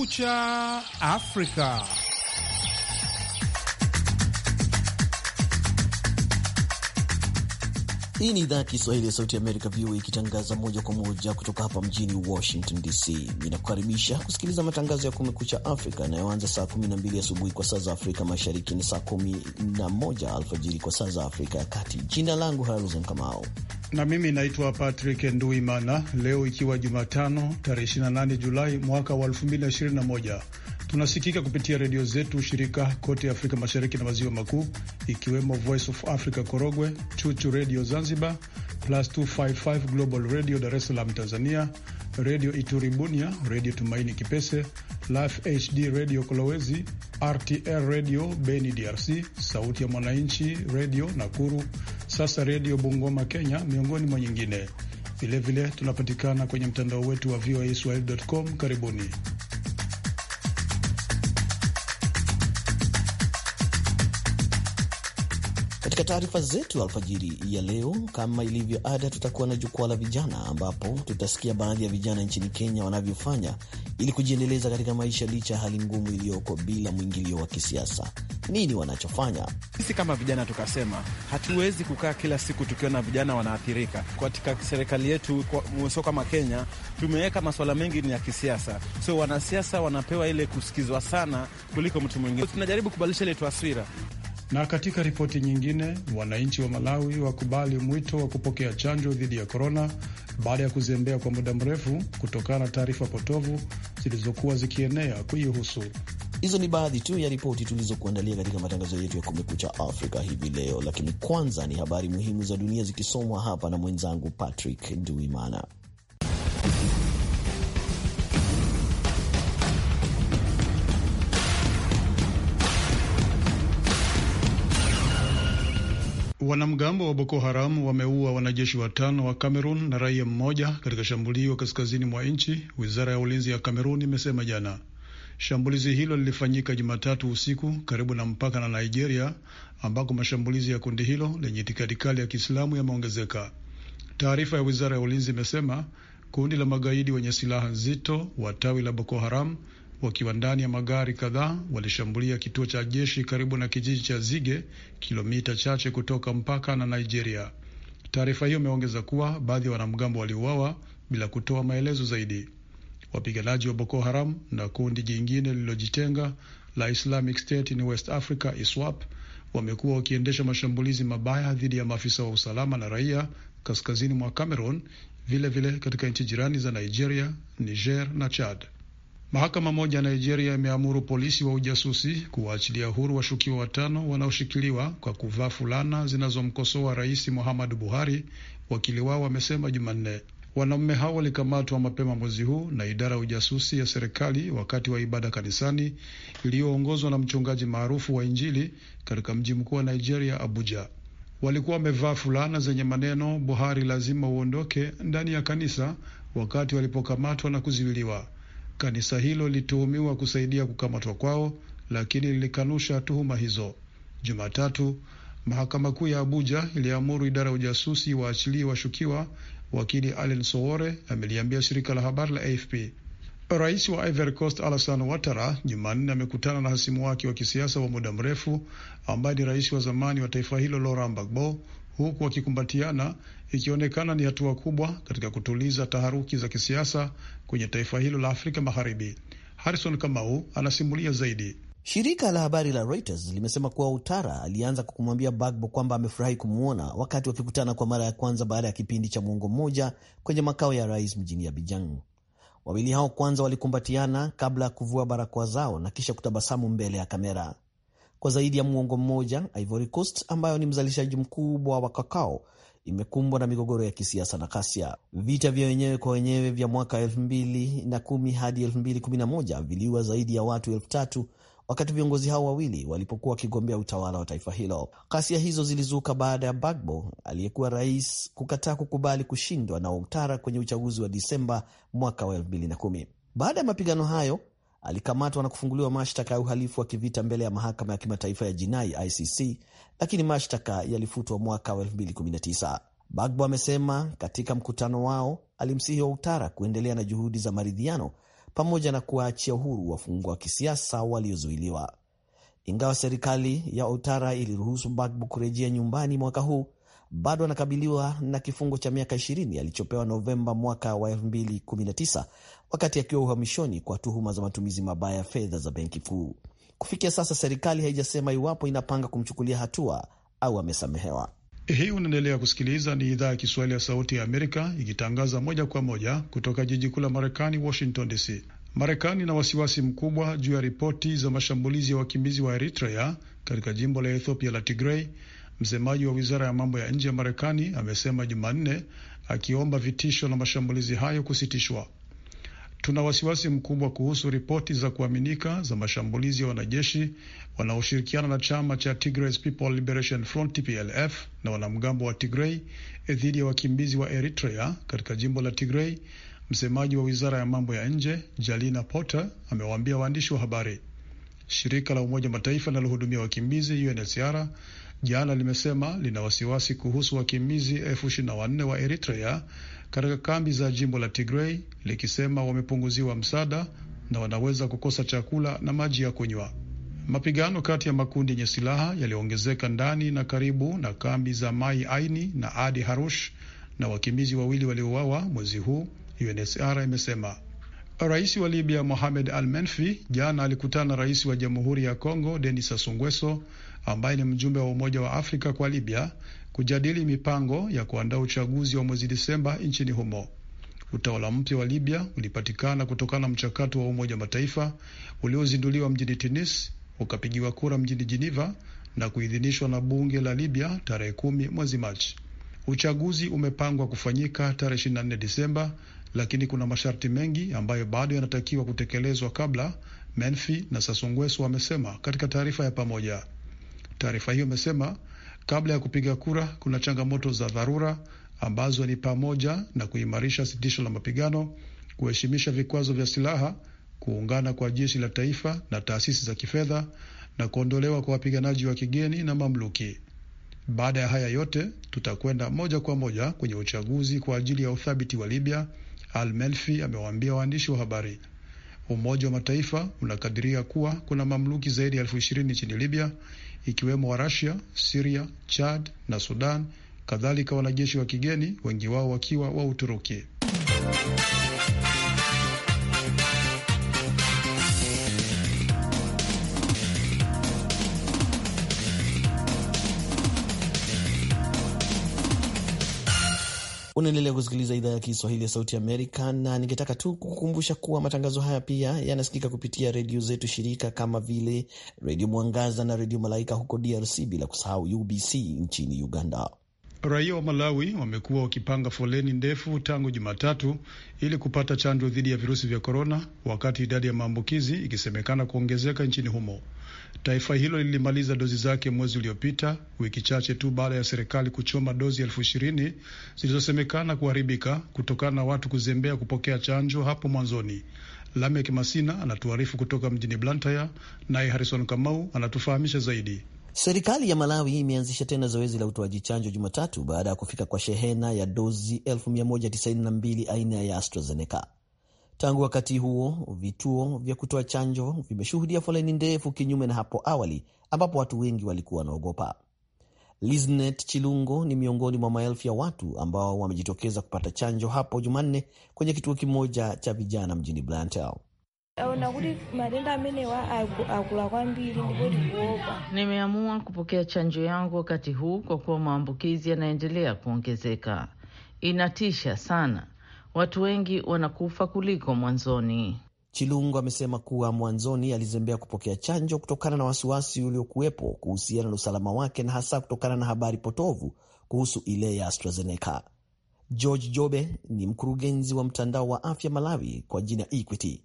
Kumekucha Afrika. Hii ni idhaa ya Kiswahili ya Sauti ya Amerika, VOA, ikitangaza moja kwa moja kutoka hapa mjini Washington DC. Ninakukaribisha kusikiliza matangazo ya Kumekucha Afrika yanayoanza saa 12 asubuhi kwa saa za Afrika Mashariki na saa 11 alfajiri kwa saa za Afrika ya Kati. Jina langu Harrison Kamau na mimi naitwa Patrick Nduimana. Leo ikiwa Jumatano tarehe 28 Julai mwaka wa 2021 tunasikika kupitia redio zetu shirika kote Afrika Mashariki na Maziwa Makuu, ikiwemo Voice of Africa Korogwe, Chuchu Redio Zanzibar, Plus 255 Global Radio Dar es Salaam Tanzania, Redio Ituri Bunia, Redio Tumaini Kipese, Life HD Radio Kolowezi, RTR Radio Beni DRC, Sauti ya Mwananchi Redio Nakuru, sasa redio Bungoma Kenya, miongoni mwa nyingine. Vilevile tunapatikana kwenye mtandao wetu wa voaswahili.com. Karibuni. Katika taarifa zetu alfajiri ya leo, kama ilivyo ada, tutakuwa na jukwaa la vijana, ambapo tutasikia baadhi ya vijana nchini Kenya wanavyofanya ili kujiendeleza katika maisha licha ya hali ngumu iliyoko bila mwingilio wa kisiasa. Nini wanachofanya? Sisi kama vijana tukasema hatuwezi kukaa kila siku tukiona vijana wanaathirika katika serikali yetu. So kama Kenya tumeweka maswala mengi ni ya kisiasa, so wanasiasa wanapewa ile kusikizwa sana kuliko mtu mwingine. Tunajaribu kubadilisha ile taswira. Na katika ripoti nyingine, wananchi wa Malawi wakubali mwito wa kupokea chanjo dhidi ya korona baada ya kuzembea kwa muda mrefu kutokana na taarifa potovu zilizokuwa zikienea kuihusu. Hizo ni baadhi tu ya ripoti tulizokuandalia katika matangazo yetu ya Kumekucha Afrika hivi leo, lakini kwanza ni habari muhimu za dunia zikisomwa hapa na mwenzangu Patrick Nduimana. Wanamgambo wa Boko Haram wameua wanajeshi watano wa Kamerun na raia mmoja katika shambulio kaskazini mwa nchi, wizara ya ulinzi ya Kamerun imesema jana. Shambulizi hilo lilifanyika Jumatatu usiku karibu na mpaka na Nigeria, ambako mashambulizi ya kundi hilo lenye itikadi kali ya Kiislamu yameongezeka. Taarifa ya wizara ya ulinzi imesema kundi la magaidi wenye silaha nzito wa tawi la Boko Haram wakiwa ndani ya magari kadhaa walishambulia kituo cha jeshi karibu na kijiji cha Zige, kilomita chache kutoka mpaka na Nigeria. Taarifa hiyo imeongeza kuwa baadhi ya wanamgambo waliuawa bila kutoa maelezo zaidi. Wapiganaji wa Boko Haram na kundi jingine lililojitenga la Islamic State in West Africa ISWAP wamekuwa wakiendesha mashambulizi mabaya dhidi ya maafisa wa usalama na raia kaskazini mwa Cameroon, vilevile katika nchi jirani za Nigeria, Niger na Chad. Mahakama moja ya Nigeria imeamuru polisi wa ujasusi kuwaachilia huru washukiwa watano wanaoshikiliwa kwa kuvaa fulana zinazomkosoa Rais Muhammadu Buhari, wakili wao wamesema Jumanne. Wanaume hao walikamatwa mapema mwezi huu na idara ya ujasusi ya serikali wakati wa ibada kanisani iliyoongozwa na mchungaji maarufu wa Injili katika mji mkuu wa Nigeria, Abuja. Walikuwa wamevaa fulana zenye maneno Buhari lazima uondoke ndani ya kanisa wakati walipokamatwa na kuziwiliwa. Kanisa hilo lilituhumiwa kusaidia kukamatwa kwao, lakini lilikanusha tuhuma hizo. Jumatatu, mahakama kuu ya Abuja iliamuru idara ya ujasusi waachilie washukiwa. Wakili Allen Sowore ameliambia shirika la habari la AFP. Rais wa Ivory Coast Alassane Ouattara Jumanne amekutana na hasimu wake wa kisiasa wa muda mrefu ambaye ni rais wa zamani wa taifa hilo Laurent Gbagbo huku wakikumbatiana, ikionekana ni hatua kubwa katika kutuliza taharuki za kisiasa kwenye taifa hilo la Afrika Magharibi. Harrison Kamau anasimulia zaidi. Shirika la habari la Reuters limesema kuwa Utara alianza kwa kumwambia Bagbo kwamba amefurahi kumwona wakati wakikutana kwa mara ya kwanza baada ya kipindi cha mwongo mmoja kwenye makao ya rais mjini Abidjan. Wawili hao kwanza walikumbatiana kabla ya kuvua barakoa zao na kisha kutabasamu mbele ya kamera. Kwa zaidi ya muongo mmoja, Ivory Coast ambayo ni mzalishaji mkubwa wa kakao imekumbwa na migogoro ya kisiasa na ghasia. Vita vya wenyewe kwa wenyewe vya mwaka 2010 hadi 2011 viliua zaidi ya watu elfu tatu wakati viongozi hao wawili walipokuwa wakigombea utawala wa taifa hilo. Ghasia hizo zilizuka baada ya Bagbo aliyekuwa rais kukataa kukubali kushindwa na Ouattara kwenye uchaguzi wa Disemba mwaka wa 2010. Baada ya mapigano hayo alikamatwa na kufunguliwa mashtaka ya uhalifu wa kivita mbele ya mahakama ya kimataifa ya jinai ICC, lakini mashtaka yalifutwa mwaka wa 2019. Bagbo amesema katika mkutano wao alimsihi Ouattara kuendelea na juhudi za maridhiano pamoja na kuwaachia uhuru wafungwa wa kisiasa waliozuiliwa. Ingawa serikali ya outara iliruhusu Bagbo kurejea nyumbani mwaka huu, bado anakabiliwa na kifungo cha miaka 20 alichopewa Novemba mwaka wa 2019 wakati akiwa uhamishoni kwa tuhuma za matumizi mabaya ya fedha za benki kuu. Kufikia sasa, serikali haijasema iwapo inapanga kumchukulia hatua au amesamehewa. Hii unaendelea kusikiliza, ni idhaa ya Kiswahili ya Sauti ya Amerika ikitangaza moja kwa moja kutoka jiji kuu la Marekani, Washington DC. Marekani ina wasiwasi mkubwa juu ya ripoti za mashambulizi ya wakimbizi wa Eritrea katika jimbo la Ethiopia la Tigrei. Msemaji wa wizara ya mambo ya nje ya Marekani amesema Jumanne, akiomba vitisho na mashambulizi hayo kusitishwa. Tuna wasiwasi mkubwa kuhusu ripoti za kuaminika za mashambulizi ya wanajeshi wanaoshirikiana na chama cha Tigray People Liberation Front TPLF na wanamgambo wa Tigray eh, dhidi ya wakimbizi wa Eritrea katika jimbo la Tigray, msemaji wa wizara ya mambo ya nje Jalina Potter amewaambia waandishi wa habari. Shirika la Umoja Mataifa linalohudumia wakimbizi UNHCR jana limesema lina wasiwasi kuhusu wakimbizi elfu ishirini na wa Eritrea katika kambi za jimbo la Tigray likisema wamepunguziwa msaada na wanaweza kukosa chakula na maji ya kunywa. Mapigano kati ya makundi yenye silaha yaliyoongezeka ndani na karibu na kambi za Mai Aini na Adi Harush na wakimbizi wawili waliouawa mwezi huu, UNHCR imesema. Rais wa Libya Mohamed Al-Menfi jana alikutana na rais wa Jamhuri ya Kongo Denis Sassou Nguesso ambaye ni mjumbe wa Umoja wa Afrika kwa Libya kujadili mipango ya kuandaa uchaguzi wa mwezi Disemba nchini humo. Utawala mpya wa Libya ulipatikana kutokana na mchakato wa Umoja Mataifa uliozinduliwa mjini Tunis, ukapigiwa kura mjini Geneva na kuidhinishwa na bunge la Libya tarehe kumi mwezi Machi. Uchaguzi umepangwa kufanyika tarehe 24 Disemba, lakini kuna masharti mengi ambayo bado yanatakiwa kutekelezwa kabla, Menfi na Sasungweso wamesema katika taarifa ya pamoja. Taarifa hiyo imesema Kabla ya kupiga kura, kuna changamoto za dharura ambazo ni pamoja na kuimarisha sitisho la mapigano, kuheshimisha vikwazo vya silaha, kuungana kwa jeshi la taifa na taasisi za kifedha na kuondolewa kwa wapiganaji wa kigeni na mamluki. Baada ya haya yote, tutakwenda moja kwa moja kwenye uchaguzi kwa ajili ya uthabiti wa Libya, Al Melfi amewaambia waandishi wa habari. Umoja wa Mataifa unakadiria kuwa kuna mamluki zaidi ya elfu ishirini nchini Libya, ikiwemo wa Russia, Syria, Chad na Sudan, kadhalika wanajeshi wa kigeni, wengi wao wakiwa wa Uturuki. Unaendelea kusikiliza idhaa ya Kiswahili ya Sauti Amerika, na ningetaka tu kukumbusha kuwa matangazo haya pia yanasikika kupitia redio zetu shirika kama vile Redio Mwangaza na Redio Malaika huko DRC, bila kusahau UBC nchini Uganda. Raia wa Malawi wamekuwa wakipanga foleni ndefu tangu Jumatatu ili kupata chanjo dhidi ya virusi vya korona, wakati idadi ya maambukizi ikisemekana kuongezeka nchini humo. Taifa hilo lilimaliza dozi zake mwezi uliopita, wiki chache tu baada ya serikali kuchoma dozi elfu ishirini zilizosemekana kuharibika kutokana na watu kuzembea kupokea chanjo hapo mwanzoni. Lamek Masina anatuarifu kutoka mjini Blantyre, naye Harrison Kamau anatufahamisha zaidi. Serikali ya Malawi imeanzisha tena zoezi la utoaji chanjo Jumatatu baada ya kufika kwa shehena ya dozi 1192 aina ya AstraZeneca. Tangu wakati huo, vituo vya kutoa chanjo vimeshuhudia foleni ndefu, kinyume na hapo awali ambapo watu wengi walikuwa wanaogopa. lisnet Chilungo ni miongoni mwa maelfu ya watu ambao wamejitokeza kupata chanjo hapo Jumanne kwenye kituo kimoja cha vijana mjini Blantyre. Nimeamua kupokea chanjo yangu wakati huu kwa kuwa maambukizi yanaendelea kuongezeka. Inatisha sana watu wengi wanakufa kuliko mwanzoni. Chilungu amesema kuwa mwanzoni alizembea kupokea chanjo kutokana na wasiwasi uliokuwepo kuhusiana na usalama wake na hasa kutokana na habari potovu kuhusu ile ya AstraZeneca. George Jobe ni mkurugenzi wa mtandao wa afya Malawi kwa jina Equity.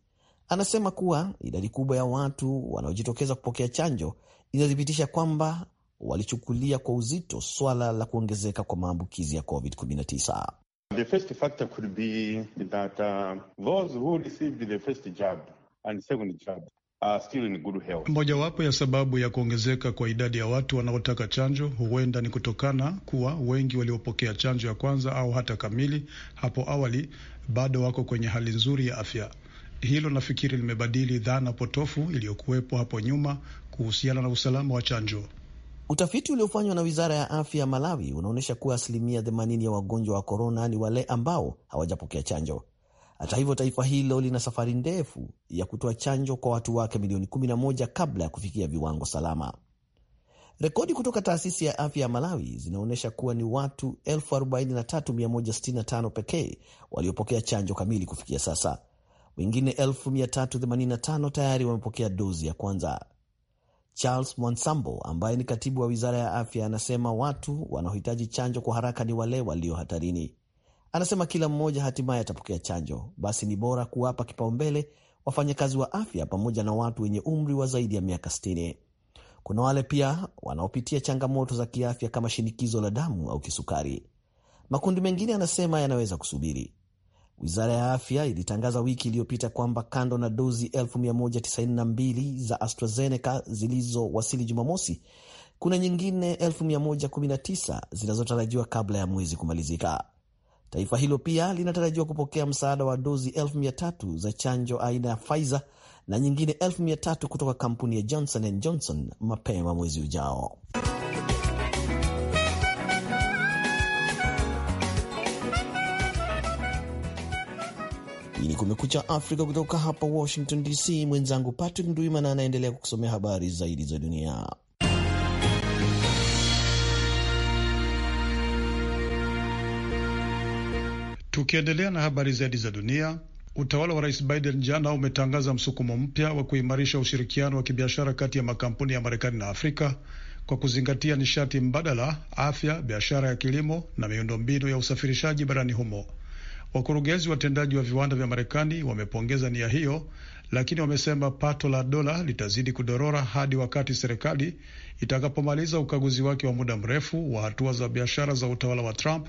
Anasema kuwa idadi kubwa ya watu wanaojitokeza kupokea chanjo inathibitisha kwamba walichukulia kwa uzito swala la kuongezeka kwa maambukizi ya COVID-19. The first factor could be that uh, those who received the first jab and second jab are still in good health. Mojawapo ya sababu ya kuongezeka kwa idadi ya watu wanaotaka chanjo huenda ni kutokana kuwa wengi waliopokea chanjo ya kwanza au hata kamili hapo awali bado wako kwenye hali nzuri ya afya. Hilo nafikiri limebadili dhana potofu iliyokuwepo hapo nyuma kuhusiana na usalama wa chanjo. Utafiti uliofanywa na wizara ya afya ya Malawi unaonyesha kuwa asilimia 80 ya wagonjwa wa korona ni wale ambao hawajapokea chanjo. Hata hivyo, taifa hilo lina safari ndefu ya kutoa chanjo kwa watu wake milioni 11 kabla ya kufikia viwango salama. Rekodi kutoka taasisi ya afya ya Malawi zinaonyesha kuwa ni watu 43165 pekee waliopokea chanjo kamili kufikia sasa. Wengine 385 tayari wamepokea dozi ya kwanza. Charles Mwansambo ambaye ni katibu wa wizara ya afya anasema watu wanaohitaji chanjo kwa haraka ni wale walio hatarini. Anasema kila mmoja hatimaye atapokea chanjo, basi ni bora kuwapa kipaumbele wafanyakazi wa afya pamoja na watu wenye umri wa zaidi ya miaka 60. Kuna wale pia wanaopitia changamoto za kiafya kama shinikizo la damu au kisukari. Makundi mengine anasema yanaweza kusubiri. Wizara ya afya ilitangaza wiki iliyopita kwamba kando na dozi 192 za AstraZeneca zilizowasili Jumamosi, kuna nyingine 119 zinazotarajiwa kabla ya mwezi kumalizika. Taifa hilo pia linatarajiwa kupokea msaada wa dozi 3 za chanjo aina ya Pfizer na nyingine 3 kutoka kampuni ya Johnson and Johnson mapema mwezi ujao. Hii ni Kumekucha Afrika kutoka hapa Washington DC. Mwenzangu Patrick Ndwimana anaendelea kukusomea habari zaidi za dunia. Tukiendelea na habari zaidi za dunia, utawala wa rais Biden jana umetangaza msukumo mpya wa kuimarisha ushirikiano wa kibiashara kati ya makampuni ya Marekani na Afrika kwa kuzingatia nishati mbadala, afya, biashara ya kilimo na miundombinu ya usafirishaji barani humo. Wakurugenzi watendaji wa viwanda vya Marekani wamepongeza nia hiyo, lakini wamesema pato la dola litazidi kudorora hadi wakati serikali itakapomaliza ukaguzi wake wa muda mrefu wa hatua za biashara za utawala wa Trump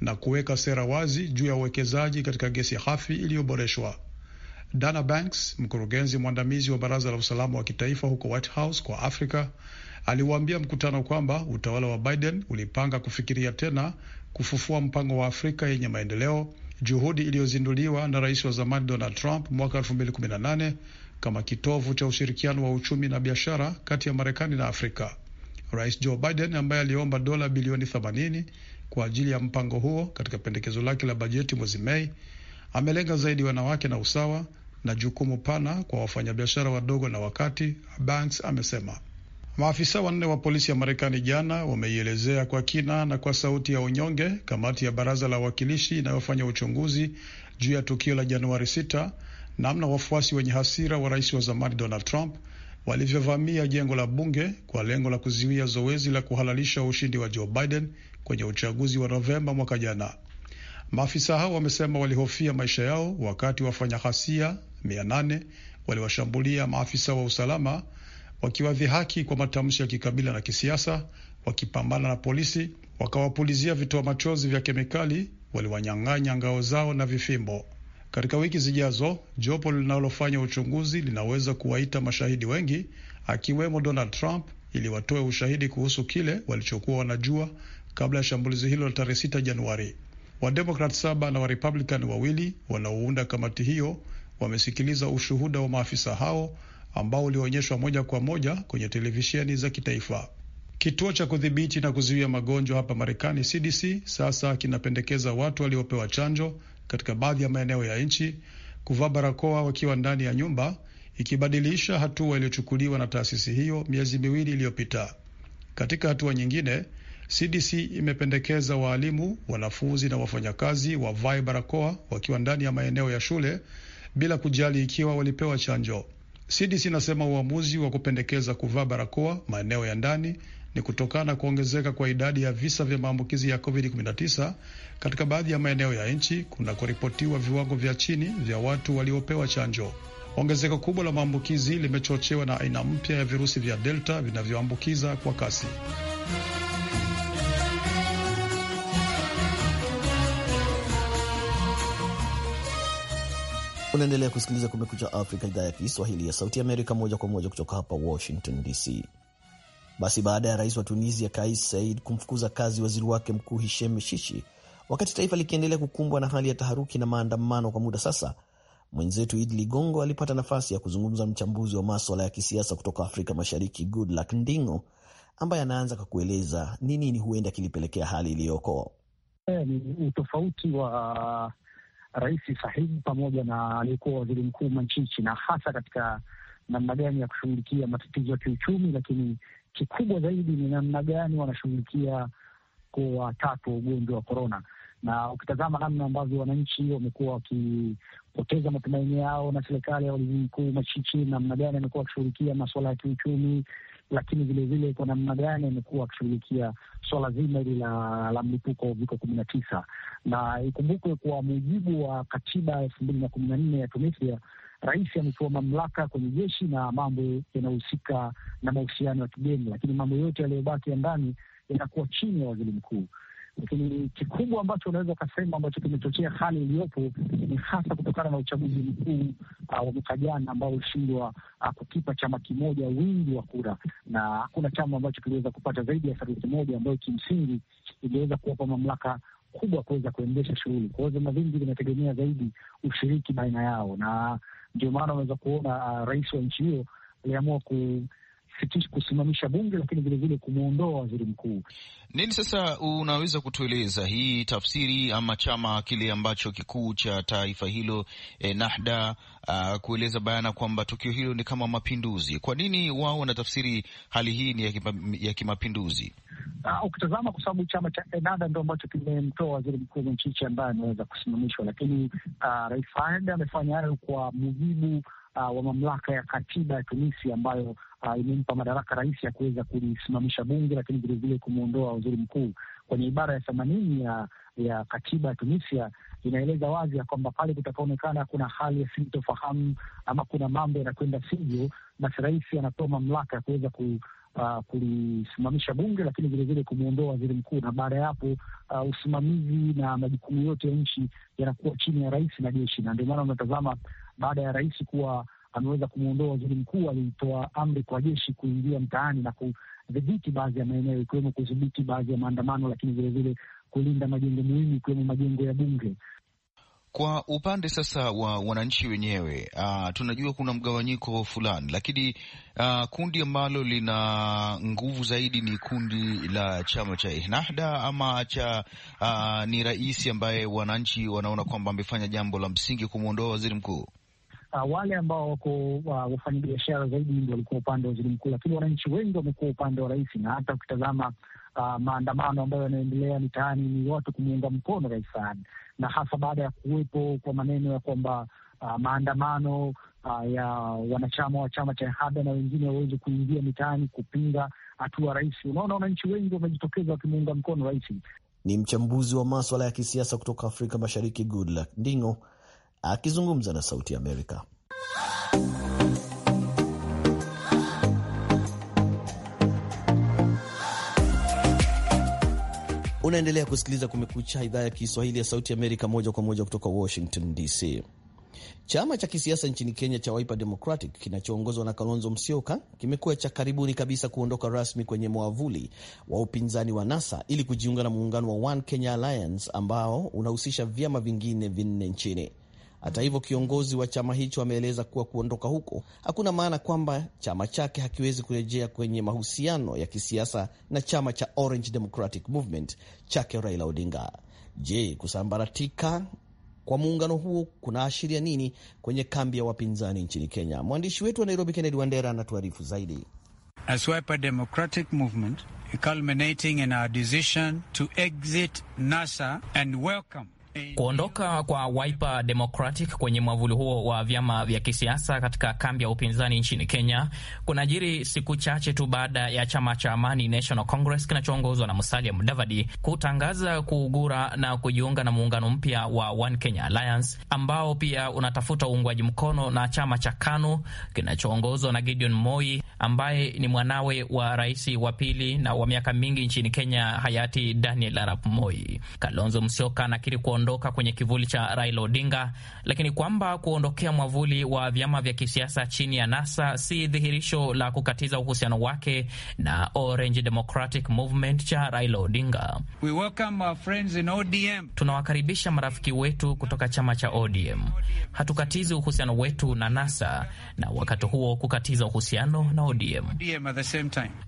na kuweka sera wazi juu ya uwekezaji katika gesi hafi iliyoboreshwa. Dana Banks, mkurugenzi mwandamizi wa baraza la usalama wa kitaifa huko White House kwa Afrika, aliwaambia mkutano kwamba utawala wa Biden ulipanga kufikiria tena kufufua mpango wa Afrika yenye maendeleo juhudi iliyozinduliwa na rais wa zamani Donald Trump mwaka 2018 kama kitovu cha ushirikiano wa uchumi na biashara kati ya Marekani na Afrika. Rais Joe Biden ambaye aliomba dola bilioni 80 kwa ajili ya mpango huo katika pendekezo lake la bajeti mwezi Mei amelenga zaidi wanawake na usawa na jukumu pana kwa wafanyabiashara wadogo na wakati, Banks amesema. Maafisa wanne wa polisi ya Marekani jana wameielezea kwa kina na kwa sauti ya unyonge kamati ya baraza la wawakilishi inayofanya uchunguzi juu ya tukio la Januari 6 namna wafuasi wenye hasira wa rais wa zamani Donald Trump walivyovamia jengo la bunge kwa lengo la kuzuia zoezi la kuhalalisha ushindi wa Joe Biden kwenye uchaguzi wa Novemba mwaka jana. Maafisa hao wamesema walihofia maisha yao wakati wafanya hasia mia nane waliwashambulia maafisa wa usalama wakiwadhihaki kwa matamshi ya kikabila na kisiasa, wakipambana na polisi, wakawapulizia vitoa machozi vya kemikali, waliwanyang'anya ngao zao na vifimbo. Katika wiki zijazo, jopo linalofanya uchunguzi linaweza kuwaita mashahidi wengi, akiwemo Donald Trump, ili watoe ushahidi kuhusu kile walichokuwa wanajua kabla ya shambulizi hilo la tarehe 6 Januari. Wademokrat saba na Warepublikani wawili wanaounda kamati hiyo wamesikiliza ushuhuda wa maafisa hao ambao ulionyeshwa moja kwa moja kwenye televisheni za kitaifa. Kituo cha kudhibiti na kuzuia magonjwa hapa Marekani, CDC, sasa kinapendekeza watu waliopewa chanjo katika baadhi ya maeneo ya nchi kuvaa barakoa wakiwa ndani ya nyumba, ikibadilisha hatua iliyochukuliwa na taasisi hiyo miezi miwili iliyopita. Katika hatua nyingine, CDC imependekeza waalimu, wanafunzi na wafanyakazi wavae barakoa wakiwa ndani ya maeneo ya shule bila kujali ikiwa walipewa chanjo. CDC inasema uamuzi wa kupendekeza kuvaa barakoa maeneo ya ndani ni kutokana na kuongezeka kwa idadi ya visa vya maambukizi ya COVID-19 katika baadhi ya maeneo ya nchi kunakoripotiwa viwango vya chini vya watu waliopewa chanjo. Ongezeko kubwa la maambukizi limechochewa na aina mpya ya virusi vya Delta vinavyoambukiza kwa kasi. Unaendelea kusikiliza Kumekucha Afrika, idhaa ya Kiswahili ya Sauti Amerika, moja kwa moja kutoka hapa Washington DC. Basi baada ya rais wa Tunisia Kais said kumfukuza kazi waziri wake mkuu hishem Shishi, wakati taifa likiendelea kukumbwa na hali ya taharuki na maandamano kwa muda sasa, mwenzetu Idi Ligongo alipata nafasi ya kuzungumza mchambuzi wa maswala ya kisiasa kutoka Afrika Mashariki, Goodluck Ndingo, ambaye anaanza kwa kueleza ni nini huenda kilipelekea hali iliyoko. Eh, ni utofauti wa Rais sahihi pamoja na aliyekuwa waziri mkuu Manchichi, na hasa katika namna gani ya kushughulikia matatizo ya kiuchumi, lakini kikubwa zaidi ni namna gani wanashughulikia kuwatatu wa ugonjwa wa korona. Na ukitazama namna ambavyo wananchi wamekuwa wakipoteza matumaini yao na serikali ya waziri mkuu Machichi, namna gani amekuwa akishughulikia masuala ya kiuchumi, lakini vilevile kwa namna gani amekuwa akishughulikia swala zima hili la, la mlipuko wa uviko kumi na tisa, na ikumbukwe kwa mujibu wa katiba elfu mbili na kumi na nne ya Tunisia, rais amepewa mamlaka kwenye jeshi na mambo yanayohusika na mahusiano ya kigeni, lakini mambo yote yaliyobaki ya ndani yanakuwa chini ya waziri mkuu. Lakini kikubwa ambacho unaweza ukasema ambacho kimechochea hali iliyopo ni hasa kutokana na uchaguzi mkuu uh, wa mwaka jana ambao ulishindwa uh, kukipa chama kimoja wingi wa kura, na hakuna chama ambacho kiliweza kupata zaidi ya theluthi moja ambayo kimsingi iliweza kuwapa mamlaka kubwa kuweza kuendesha shughuli. Kwa hiyo vyama vingi vinategemea zaidi ushiriki baina yao, na ndio maana unaweza kuona uh, rais wa nchi hiyo aliamua ku si kusimamisha bunge, lakini vilevile kumwondoa waziri mkuu. Nini sasa, unaweza kutueleza hii tafsiri ama chama kile ambacho kikuu cha taifa hilo eh, Nahda uh, kueleza bayana kwamba tukio hilo ni kama mapinduzi. Kwa nini wao wanatafsiri hali hii ni ya kimapinduzi? Ah, ukitazama kwa sababu chama cha Ennahda eh, ndo ambacho kimemtoa waziri mkuu Mchichi ambaye ameweza kusimamishwa, lakini uh, Rais amefanya hayo kwa mujibu uh, wa mamlaka ya katiba ya Tunisia ambayo uh, imempa madaraka rais ya kuweza kulisimamisha bunge, lakini vilevile kumwondoa waziri mkuu. Kwenye ibara ya themanini ya ya katiba ya Tunisia inaeleza wazi ya kwamba pale kutakaonekana kuna hali ya sintofahamu ama kuna mambo yanakwenda sivyo, basi rais anatoa mamlaka ya kuweza ku Uh, kulisimamisha bunge lakini vilevile kumwondoa waziri mkuu. Na baada ya hapo uh, usimamizi na majukumu yote ya nchi yanakuwa chini ya rais na jeshi, na ndio maana unatazama baada ya rais kuwa ameweza kumwondoa waziri mkuu alitoa amri kwa jeshi kuingia mtaani na kudhibiti baadhi ya maeneo ikiwemo kudhibiti baadhi ya maandamano, lakini vilevile kulinda majengo muhimu ikiwemo majengo ya bunge. Kwa upande sasa wa wananchi wenyewe, uh, tunajua kuna mgawanyiko fulani, lakini uh, kundi ambalo lina nguvu zaidi ni kundi la chama cha Ennahda ama cha uh, ni rais ambaye wananchi wanaona kwamba amefanya jambo la msingi kumwondoa waziri mkuu uh, wale ambao wako uh, wafanyabiashara zaidi ndio walikuwa upande wa waziri mkuu, lakini wananchi wengi wamekuwa upande wa rais, na hata ukitazama uh, maandamano ambayo yanaendelea mitaani ni watu kumuunga mkono rais Saad, na hasa baada ya kuwepo kwa maneno ya kwamba uh, maandamano uh, ya wanachama wa chama cha Ennahda na wengine waweze kuingia mitaani kupinga hatua rais. Unaona, wananchi wengi wamejitokeza wakimuunga mkono rais. Ni mchambuzi wa maswala ya kisiasa kutoka Afrika Mashariki, Goodluck Ndingo akizungumza na Sauti Amerika. Unaendelea kusikiliza Kumekucha, idhaa ya Kiswahili ya Sauti Amerika, moja kwa moja kutoka Washington DC. Chama cha kisiasa nchini Kenya cha Wiper Democratic kinachoongozwa na Kalonzo Musyoka kimekuwa cha karibuni kabisa kuondoka rasmi kwenye mwavuli wa upinzani wa NASA ili kujiunga na muungano wa One Kenya Alliance ambao unahusisha vyama vingine vinne nchini. Hata hivyo, kiongozi wa chama hicho ameeleza kuwa kuondoka huko hakuna maana kwamba chama chake hakiwezi kurejea kwenye mahusiano ya kisiasa na chama cha Orange Democratic Movement chake Raila Odinga. Je, kusambaratika kwa muungano huo kunaashiria nini kwenye kambi ya wapinzani nchini Kenya? Mwandishi wetu wa Nairobi, Kennedy Wandera, anatuarifu zaidi. Culminating in our decision to exit NASA and welcome Kuondoka kwa Wiper Democratic kwenye mwavuli huo wa vyama vya kisiasa katika kambi ya upinzani nchini Kenya kunajiri siku chache tu baada ya chama cha Amani National Congress kinachoongozwa na Musalia Mudavadi kutangaza kuugura na kujiunga na muungano mpya wa One Kenya Alliance ambao pia unatafuta uungwaji mkono na chama cha KANU kinachoongozwa na Gideon Moi ambaye ni mwanawe wa rais wa pili na wa miaka mingi nchini Kenya hayati Daniel Arap Moi. Kalonzo Musyoka anakiri kuwa kuondoka kwenye kivuli cha Raila Odinga, lakini kwamba kuondokea mwavuli wa vyama vya kisiasa chini ya NASA si dhihirisho la kukatiza uhusiano wake na Orange Democratic Movement cha Raila Odinga. We welcome our friends in ODM. Tunawakaribisha marafiki wetu kutoka chama cha ODM. Hatukatizi uhusiano wetu na NASA na wakati huo kukatiza uhusiano na ODM.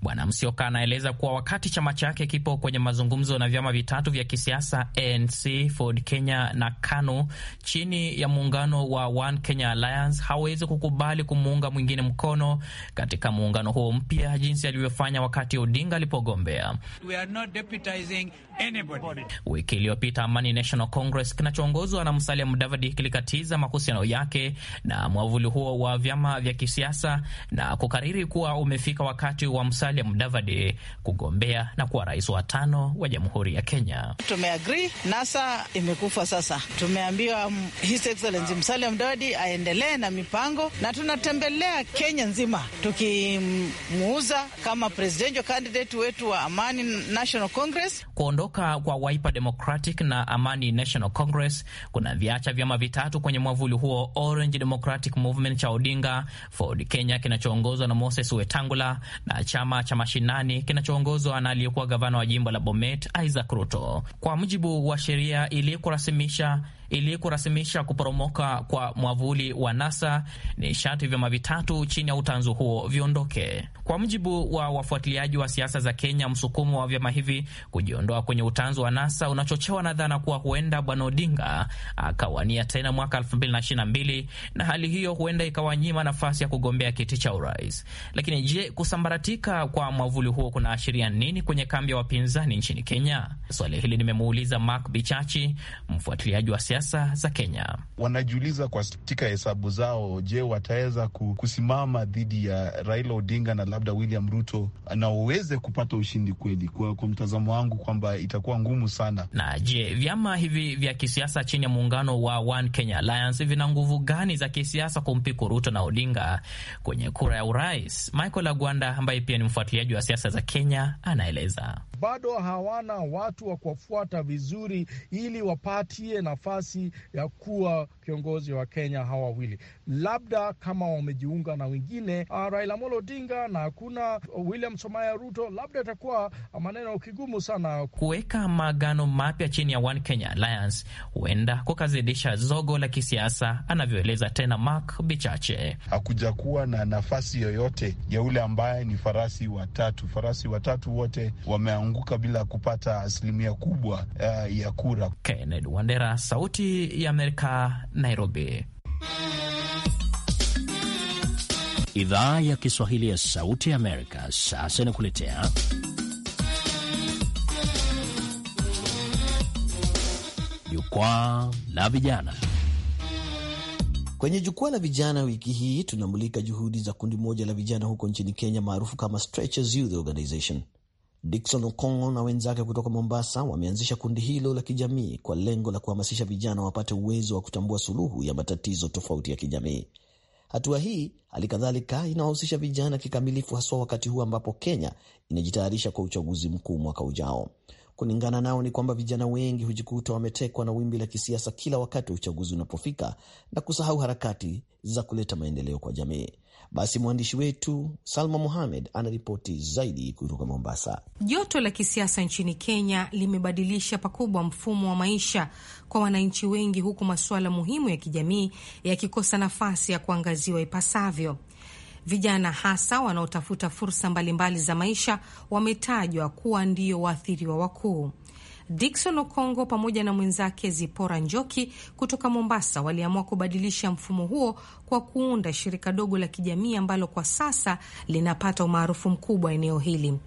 Bwana Msioka anaeleza kuwa wakati chama chake kipo kwenye mazungumzo na vyama vitatu vya kisiasa ANC, Ford nchini Kenya na KANU chini ya muungano wa One Kenya Alliance hawezi kukubali kumuunga mwingine mkono katika muungano huo mpya, jinsi alivyofanya wakati Odinga alipogombea. We are not deputizing Wiki iliyopita Amani National Congress kinachoongozwa na Musalia Mudavadi kilikatiza mahusiano yake na mwavuli huo wa vyama vya kisiasa na kukariri kuwa umefika wakati wa Musalia Mudavadi kugombea na kuwa rais wa tano wa Jamhuri ya Kenya. Tumeagri, NASA imekufa sasa. Tumeambiwa um, His Excellency Musalia Mudavadi aendelee na mipango, na tunatembelea Kenya nzima tukimuuza kama presidential candidate wetu wa Amani National Congress kuondoka kutoka kwa Wiper Democratic na Amani National Congress kuna viacha vyama vitatu kwenye mwavuli huo, Orange Democratic Movement cha Odinga, Ford Kenya kinachoongozwa na Moses Wetangula na chama cha Mashinani kinachoongozwa na aliyekuwa gavana wa jimbo la Bomet Isaac Ruto. Kwa mujibu wa sheria ili kurasimisha ili kurasimisha kuporomoka kwa mwavuli wa NASA nishati vyama vitatu chini ya utanzu huo viondoke. Kwa mujibu wa wafuatiliaji wa siasa za Kenya, msukumo wa vyama hivi kujiondoa kwenye utanzu wa NASA unachochewa na dhana kuwa huenda Bwana Odinga akawania tena mwaka 2022 na hali hiyo huenda ikawanyima nafasi ya kugombea kiti cha urais. Lakini je, kusambaratika kwa mwavuli huo kunaashiria nini kwenye kambi ya wapinzani nchini Kenya? Swali hili nimemuuliza Mark Bichachi, mfuatiliaji wa siasa siasa za Kenya. Wanajiuliza katika hesabu zao, je, wataweza kusimama dhidi ya Raila Odinga na labda William Ruto na waweze kupata ushindi kweli? Kwa, kwa mtazamo wangu kwamba itakuwa ngumu sana. Na je, vyama hivi vya kisiasa chini ya muungano wa One Kenya Alliance vina nguvu gani za kisiasa kumpiku Ruto na Odinga kwenye kura ya urais? Michael Agwanda ambaye pia ni mfuatiliaji wa siasa za Kenya anaeleza bado hawana watu wa kuwafuata vizuri ili wapatie nafasi ya kuwa kiongozi wa Kenya hawa wawili labda kama wamejiunga na wengine uh, Raila Amolo Odinga na hakuna ah, William Somaya Ruto, labda itakuwa ah, maneno kigumu sana kuweka maagano mapya chini ya One Kenya Alliance, huenda kukazidisha zogo la kisiasa, anavyoeleza tena Mark Bichache. Hakuja kuwa na nafasi yoyote ya ule ambaye ni farasi watatu. Farasi watatu wote wameanguka bila kupata asilimia kubwa uh, ya kura. Kennedy Wandera, Sauti ya Amerika, Nairobi. Idhaa ya Kiswahili ya Sauti ya Amerika sasa inakuletea Jukwaa la Vijana. Kwenye Jukwaa la Vijana wiki hii tunamulika juhudi za kundi moja la vijana huko nchini Kenya maarufu kama Stretchers Youth Organization. Dickson na wenzake kutoka Mombasa wameanzisha kundi hilo la kijamii kwa lengo la kuhamasisha vijana wapate uwezo wa kutambua suluhu ya matatizo tofauti ya kijamii. Hatua hii hali kadhalika inawahusisha vijana kikamilifu, haswa wakati huu ambapo Kenya inajitayarisha kwa uchaguzi mkuu mwaka ujao. Kulingana nao ni kwamba vijana wengi hujikuta wametekwa na wimbi la kisiasa kila wakati wa uchaguzi unapofika na kusahau harakati za kuleta maendeleo kwa jamii. Basi mwandishi wetu Salma ana anaripoti zaidi kutoka Mombasa. Joto la kisiasa nchini Kenya limebadilisha pakubwa mfumo wa maisha kwa wananchi wengi, huku masuala muhimu ya kijamii yakikosa nafasi ya kuangaziwa ipasavyo. Vijana hasa wanaotafuta fursa mbalimbali za maisha wametajwa kuwa ndio waathiriwa wakuu dikson Okongo pamoja na mwenzake Zipora Njoki kutoka Mombasa waliamua kubadilisha mfumo huo kwa kuunda shirika dogo la kijamii ambalo kwa sasa linapata umaarufu mkubwa eneo hili.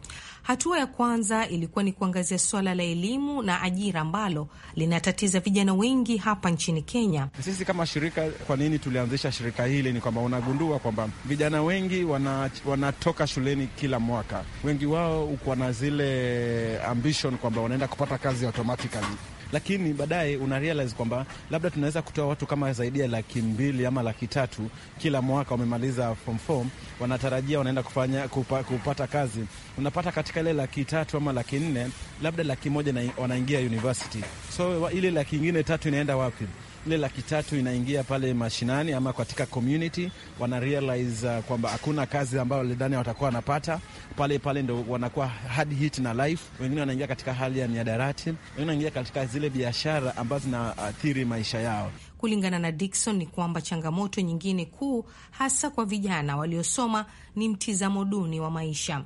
Hatua ya kwanza ilikuwa ni kuangazia swala la elimu na ajira ambalo linatatiza vijana wengi hapa nchini Kenya. Sisi kama shirika, kwa nini tulianzisha shirika hili? Ni kwamba unagundua kwamba vijana wengi wana, wanatoka shuleni kila mwaka, wengi wao hukuwa na zile ambition kwamba wanaenda kupata kazi automatically lakini baadaye una realize kwamba labda tunaweza kutoa watu kama zaidi ya laki mbili ama laki tatu kila mwaka wamemaliza form form, wanatarajia wanaenda kufanya kupa, kupata kazi. Unapata katika ile laki tatu ama laki nne labda laki moja wanaingia university, so ile laki ingine tatu inaenda wapi? Ile laki tatu inaingia pale mashinani ama katika community, wana realize uh, kwamba hakuna kazi ambayo walidhani watakuwa wanapata pale pale, ndo wanakuwa hard hit na life. Wengine wanaingia katika hali ya miadarati, wengine wanaingia katika zile biashara ambazo zinaathiri uh, maisha yao. Kulingana na Dickson ni kwamba changamoto nyingine kuu hasa kwa vijana waliosoma ni mtizamo duni wa maisha.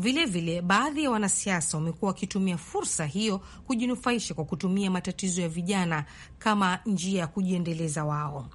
Vilevile, baadhi ya wanasiasa wamekuwa wakitumia fursa hiyo kujinufaisha kwa kutumia matatizo ya vijana kama njia ya kujiendeleza wao.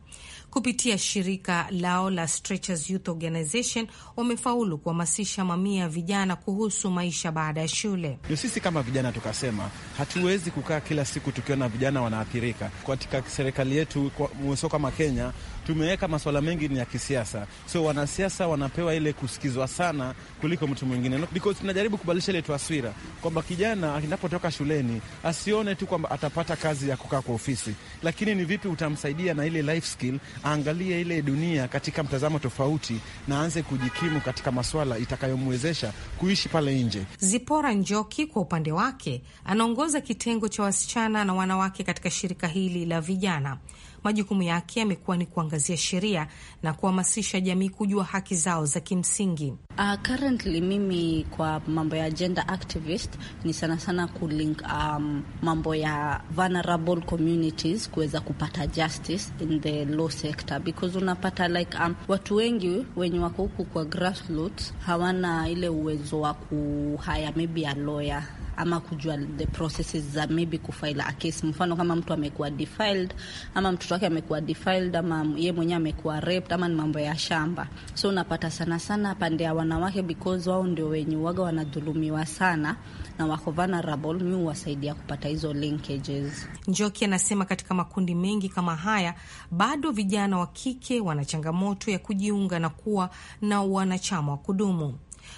Kupitia shirika lao la Stretchers Youth Organization wamefaulu kuhamasisha mamia ya vijana kuhusu maisha baada ya shule. Ndio sisi kama vijana tukasema hatuwezi kukaa kila siku tukiona vijana wanaathirika katika serikali yetu, mso kama Kenya tumeweka maswala mengi ni ya kisiasa, so wanasiasa wanapewa ile kusikizwa sana kuliko mtu mwingine, because tunajaribu kubadilisha ile taswira kwamba kijana anapotoka shuleni asione tu kwamba atapata kazi ya kukaa kwa ofisi, lakini ni vipi utamsaidia na ile life skill, aangalie ile dunia katika mtazamo tofauti na aanze kujikimu katika maswala itakayomwezesha kuishi pale nje. Zipora Njoki kwa upande wake anaongoza kitengo cha wasichana na wanawake katika shirika hili la vijana majukumu yake yamekuwa ni kuangazia sheria na kuhamasisha jamii kujua haki zao za kimsingi. Uh, currently mimi kwa mambo ya gender activist ni sana sana kulink um, mambo ya vulnerable communities kuweza kupata justice in the law sector because unapata like um, watu wengi wenye wako huku kwa grassroots hawana ile uwezo wa kuhaya maybe a lawyer ama kujua the processes za maybe kufaila a case. Mfano kama mtu amekuwa defiled ama mtoto wake amekuwa defiled ama yeye mwenyewe amekuwa raped ama ni mambo ya shamba, so unapata sana sana pande ya wanawake because wao ndio wenye uwaga wanadhulumiwa sana na wako vulnerable. Mimi huwasaidia kupata hizo linkages. Njoki anasema katika makundi mengi kama haya bado vijana wa kike wana changamoto ya kujiunga na kuwa na wanachama wa kudumu.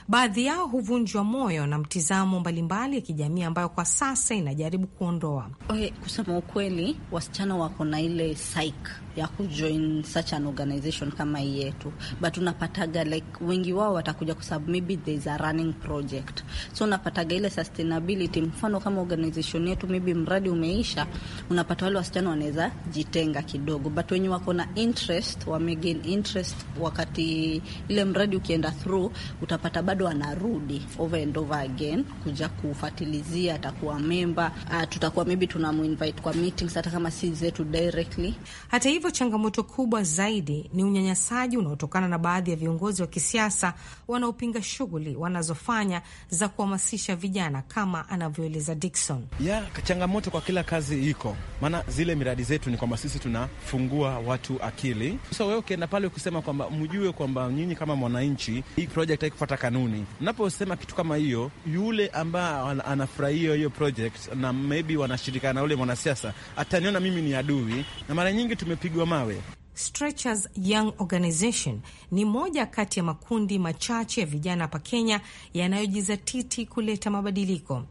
Baadhi yao huvunjwa moyo na mtizamo mbalimbali ya kijamii ambayo kwa sasa inajaribu kuondoa. Okay, eh, kusema ukweli, wasichana wako na ile psyche ya kujoin such an organization kama hii yetu, but unapataga like wengi wao watakuja kwa sababu maybe there is a running project, so unapataga ile sustainability. Mfano kama organization yetu maybe mradi umeisha, unapata wale wasichana wanaweza jitenga kidogo, but wenye wako na interest, wamegain interest, wakati ile mradi ukienda through utapata bado bado anarudi over and over again kuja kufatilizia. Atakuwa memba, uh, tutakuwa maybe tunamuinvite kwa meetings, hata kama si zetu directly. Hata hivyo, changamoto kubwa zaidi ni unyanyasaji unaotokana na baadhi ya viongozi wa kisiasa wanaopinga shughuli wanazofanya za kuhamasisha vijana, kama anavyoeleza Dickson. Ya, changamoto kwa kila kazi iko, maana zile miradi zetu ni kwamba sisi tunafungua watu akili. Sasa wewe ukienda pale ukisema kwamba mjue kwamba nyinyi kama mwananchi, hii project haikufuata kanuni kanuni. Naposema kitu kama hiyo, yule ambaye anafurahia hiyo project na maybe wanashirikana na ule mwanasiasa ataniona mimi ni adui, na mara nyingi tumepigwa mawe. Stretchers Young Organization ni moja kati ya makundi machache ya vijana hapa Kenya yanayojizatiti kuleta mabadiliko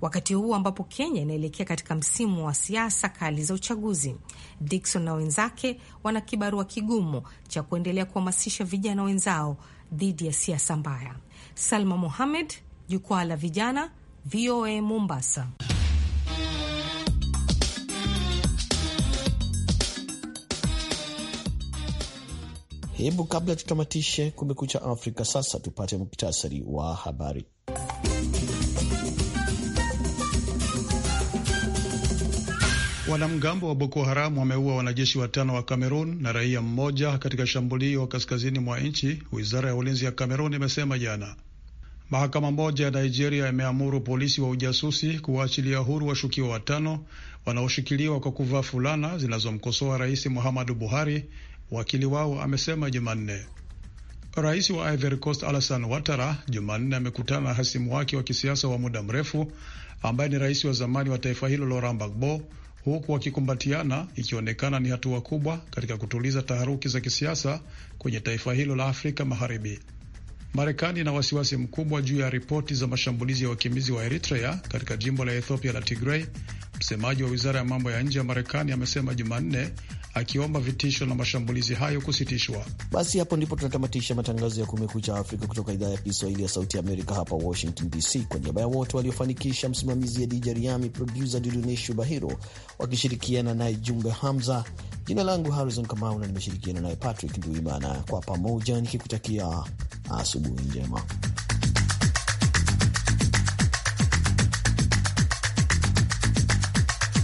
wakati huu ambapo Kenya inaelekea katika msimu wa siasa kali za uchaguzi. Dickson na wenzake wana kibarua kigumu cha kuendelea kuhamasisha vijana wenzao dhidi ya siasa mbaya. Salma Mohamed, Jukwaa la Vijana, VOA Mombasa. Hebu kabla tutamatishe Kumekucha Afrika, sasa tupate muktasari wa habari. Wanamgambo wa Boko Haram wameua wanajeshi watano wa Kamerun na raia mmoja katika shambulio kaskazini mwa nchi, wizara ya ulinzi ya Kamerun imesema jana. Mahakama moja ya Nigeria imeamuru polisi wa ujasusi kuwaachilia huru washukiwa watano wanaoshikiliwa kwa kuvaa fulana zinazomkosoa Rais Muhammadu Buhari, wakili wao amesema Jumanne. Rais wa Ivory Coast Alassane Jumanne amekutana na hasimu wake wa kisiasa wa muda mrefu ambaye ni rais wa zamani wa taifa hilo Laurent Gbagbo huku wakikumbatiana, ikionekana ni hatua kubwa katika kutuliza taharuki za kisiasa kwenye taifa hilo la Afrika Magharibi. Marekani ina wasiwasi mkubwa juu ya ripoti za mashambulizi ya wakimbizi wa Eritrea katika jimbo la Ethiopia la Tigray. Msemaji wa wizara ya mambo ya nje ya Marekani amesema Jumanne, akiomba vitisho na mashambulizi hayo kusitishwa. Basi hapo ndipo tunatamatisha matangazo ya Kumekucha Afrika kutoka idhaa ya Kiswahili ya Sauti Amerika, hapa Washington DC. Kwa niaba ya wote waliofanikisha, msimamizi ya Dija Riami, produsa Duduneshu Bahiro wakishirikiana naye Jumbe Hamza. Jina langu Harrison Kamau na nimeshirikiana naye Patrick Nduimana, kwa pamoja nikikutakia Asubuhi njema.